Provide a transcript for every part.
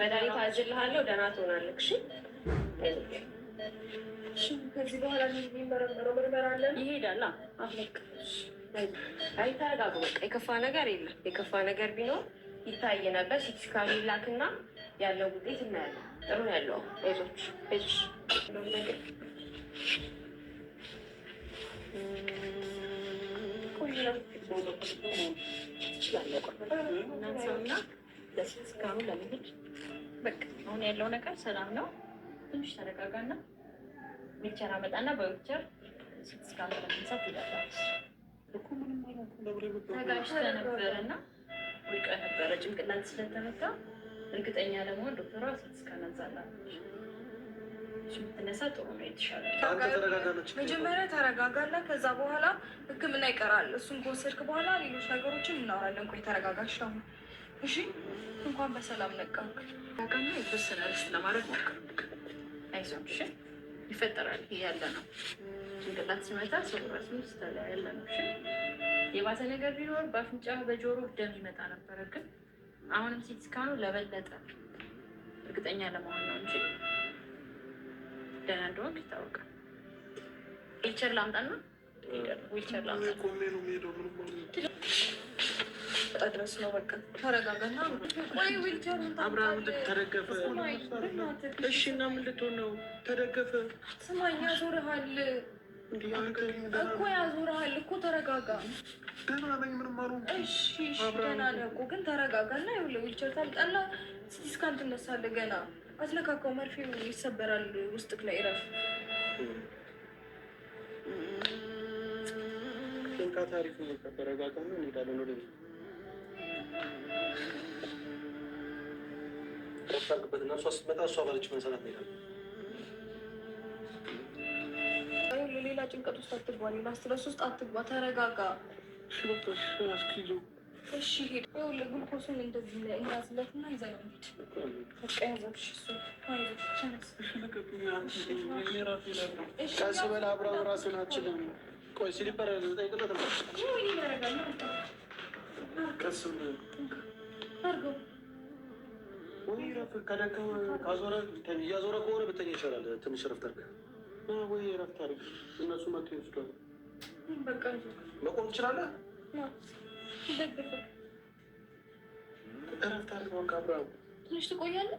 መድኃኒት አዝልሃለሁ፣ ደህና ትሆናለህ። እሺ ከዚህ በኋላ የሚመረመረው ምርመራ አለ ይሄዳል። አይ ተረጋጉ፣ በቃ የከፋ ነገር የለም። የከፋ ነገር ቢኖር ይታይ ነበር። ሲቲ ስካን ይላክና ያለው ውጤት እናያለን። ጥሩ ያለው። ቤቶች ቤቶች ቆይ ነው ለስካሩ ለመሄድ በቃ አሁን ያለው ነገር ሰላም ነው። ትንሽ ተረጋጋና ዊልቸር አመጣና በዊልቸር ስካሩ ለመንሳት ይላል። ተጋጭተህ ነበረና ወድቀህ ነበረ ጭንቅላት ስለተመታ እርግጠኛ ለመሆን ዶክተሯ ስካን አንሳላለች። መጀመሪያ ተረጋጋለህ፣ ከዛ በኋላ ህክምና ይቀራል። እሱን ከወሰድክ በኋላ ሌሎች ነገሮችን እናወራለን። ቆይ ተረጋጋች ነው እሺ እንኳን በሰላም ነቃክ። ቀኑ የተወሰነ ርስ ለማድረግ ሞክር። አይዞን እሺ። ይፈጠራል። ይሄ ያለ ነው። ጭንቅላት ሲመታ ሰውራስ ውስጥ ያለ ነው። እሺ። የባሰ ነገር ቢኖር በአፍንጫ በጆሮ ደም ይመጣ ነበረ፣ ግን አሁንም ሲቲ ስካኑ ለበለጠ እርግጠኛ ለመሆን ነው እንጂ ደህና እንደሆንክ ይታወቃል። ዊልቸር ላምጣና ዊልቸር ላምጣ እስከሚወጣ ድረስ ነው። በቃ ተረጋጋና ነው? ተደገፈ። ስማኝ ያዞርሃል እኮ ያዞርሃል እኮ ተረጋጋ። ደህና ነኝ፣ ምንም አልሆንኩም። እሺ ደህና ነህ እኮ ግን ተረጋጋና ይኸውልህ ዊልቸር ታምጣና እስኪ እስካልትነሳለህ ገና አትለካካው፣ መርፌ ይሰበራል። ውስጥ ላይ እረፍ። ጭንቃ ታሪክ ተረጋጋና እንሄዳለን ወደ ቤት ታርግበትና እሷ ስትመጣ ሌላ ጭንቀት ውስጥ አትግባ፣ ሌላ ስትረስ ውስጥ አትግባ። ተረጋጋ። እሺ ሄድ። ይኸውልህ ግሉኮሱን እንደዚህ እናዝለት እና ይዘህ ነው ቀስ በል አብረን እራሱን አችልም። ቆይ ሲሊፐር ጠይቅለት ነው ቀስም ወይ ረፍ ከደከመ ካዞረ እያዞረ ከሆነ ብተኛ ይሻላል። ትንሽ ረፍት አድርገህ ወይ ረፍት አድርግ። እነሱ መቶ ይወስዷል። መቆም ትችላለህ። ረፍት አድርግ። በቃ አብረሀም ትንሽ ትቆያለህ።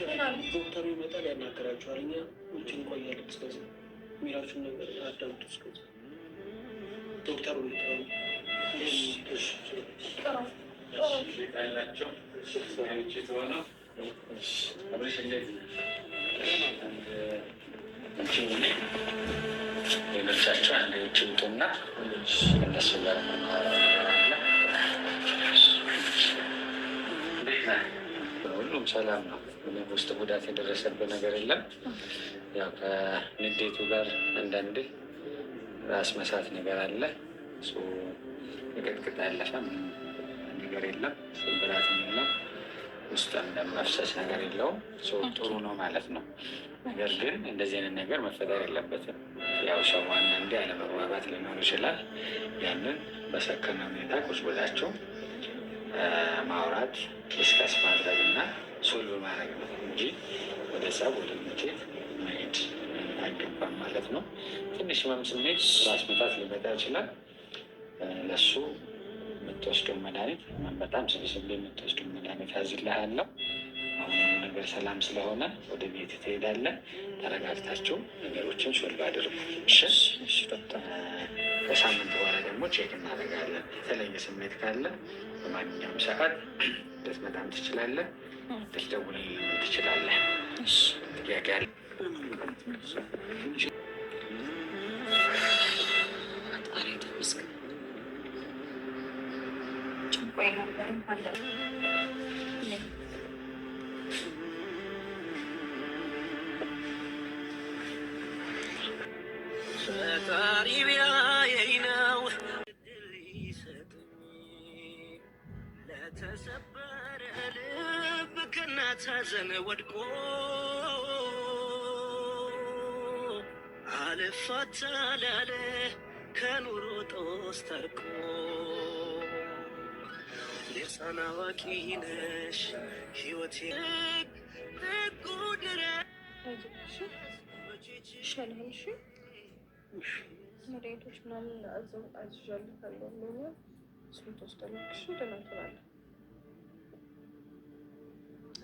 ዶክተሩ ይመጣል፣ ያናገራችኋል። እኛ ውጭ እንቆያለን እስከዚያ የሚላችሁን ነገር አዳምጡ። እስከዚያ ዶክተሩ ሌሎቻቸው አንድ ውጭ ውጡና እነሱ ጋር ሁሉም ሰላም ነው። ምንም ውስጥ ጉዳት የደረሰብን ነገር የለም። ያው ከንዴቱ ጋር አንዳንዴ ራስ መሳት ነገር አለ። እሱ የቅጥቅጥ ያለፈ ነገር የለም። ስብራት የለም። ውስጥ እንደመፍሰስ ነገር የለውም። ጥሩ ነው ማለት ነው። ነገር ግን እንደዚህ አይነት ነገር መፈጠር የለበትም። ያው ሰው ዋና አንዳንዴ አለመግባባት ሊኖር ይችላል። ያንን በሰከነ ሁኔታ ቁጭ ብላችሁ ማውራት ዲስከስ ማድረግ እና ሶልቭ ማድረግ ነው እንጂ ወደ ወደ ምኬት መሄድ አይገባም ማለት ነው። ትንሽ ህመም ስሜት ራስ መታት ሊመጣ ይችላል። ለሱ የምትወስደው መድኃኒት በጣም ስብስብ የምትወስደው መድኃኒት አዝልሃለሁ። አሁን ነገር ሰላም ስለሆነ ወደ ቤት ትሄዳለህ። ተረጋግታችሁ ነገሮችን ሶልቭ አድርጉ። ከሳምንት በኋላ ደግሞ ቼክ እናደርጋለን። የተለየ ስሜት ካለ በማንኛውም ሰዓት ደስ መጣም ትችላለህ። ልትደውልልኝ ትችላለህ። ጥያቄ አለ። ፈጣሪ በመታዘን ወድቆ አልፋታ ላለ ከኑሮ ጦስ ተርቆ የሳን አዋቂ ነሽ ህይወቴ መድኃኒቶች ምናምን አዘዣለሁ ካለው ሆነ ስንት ወስደን ደህና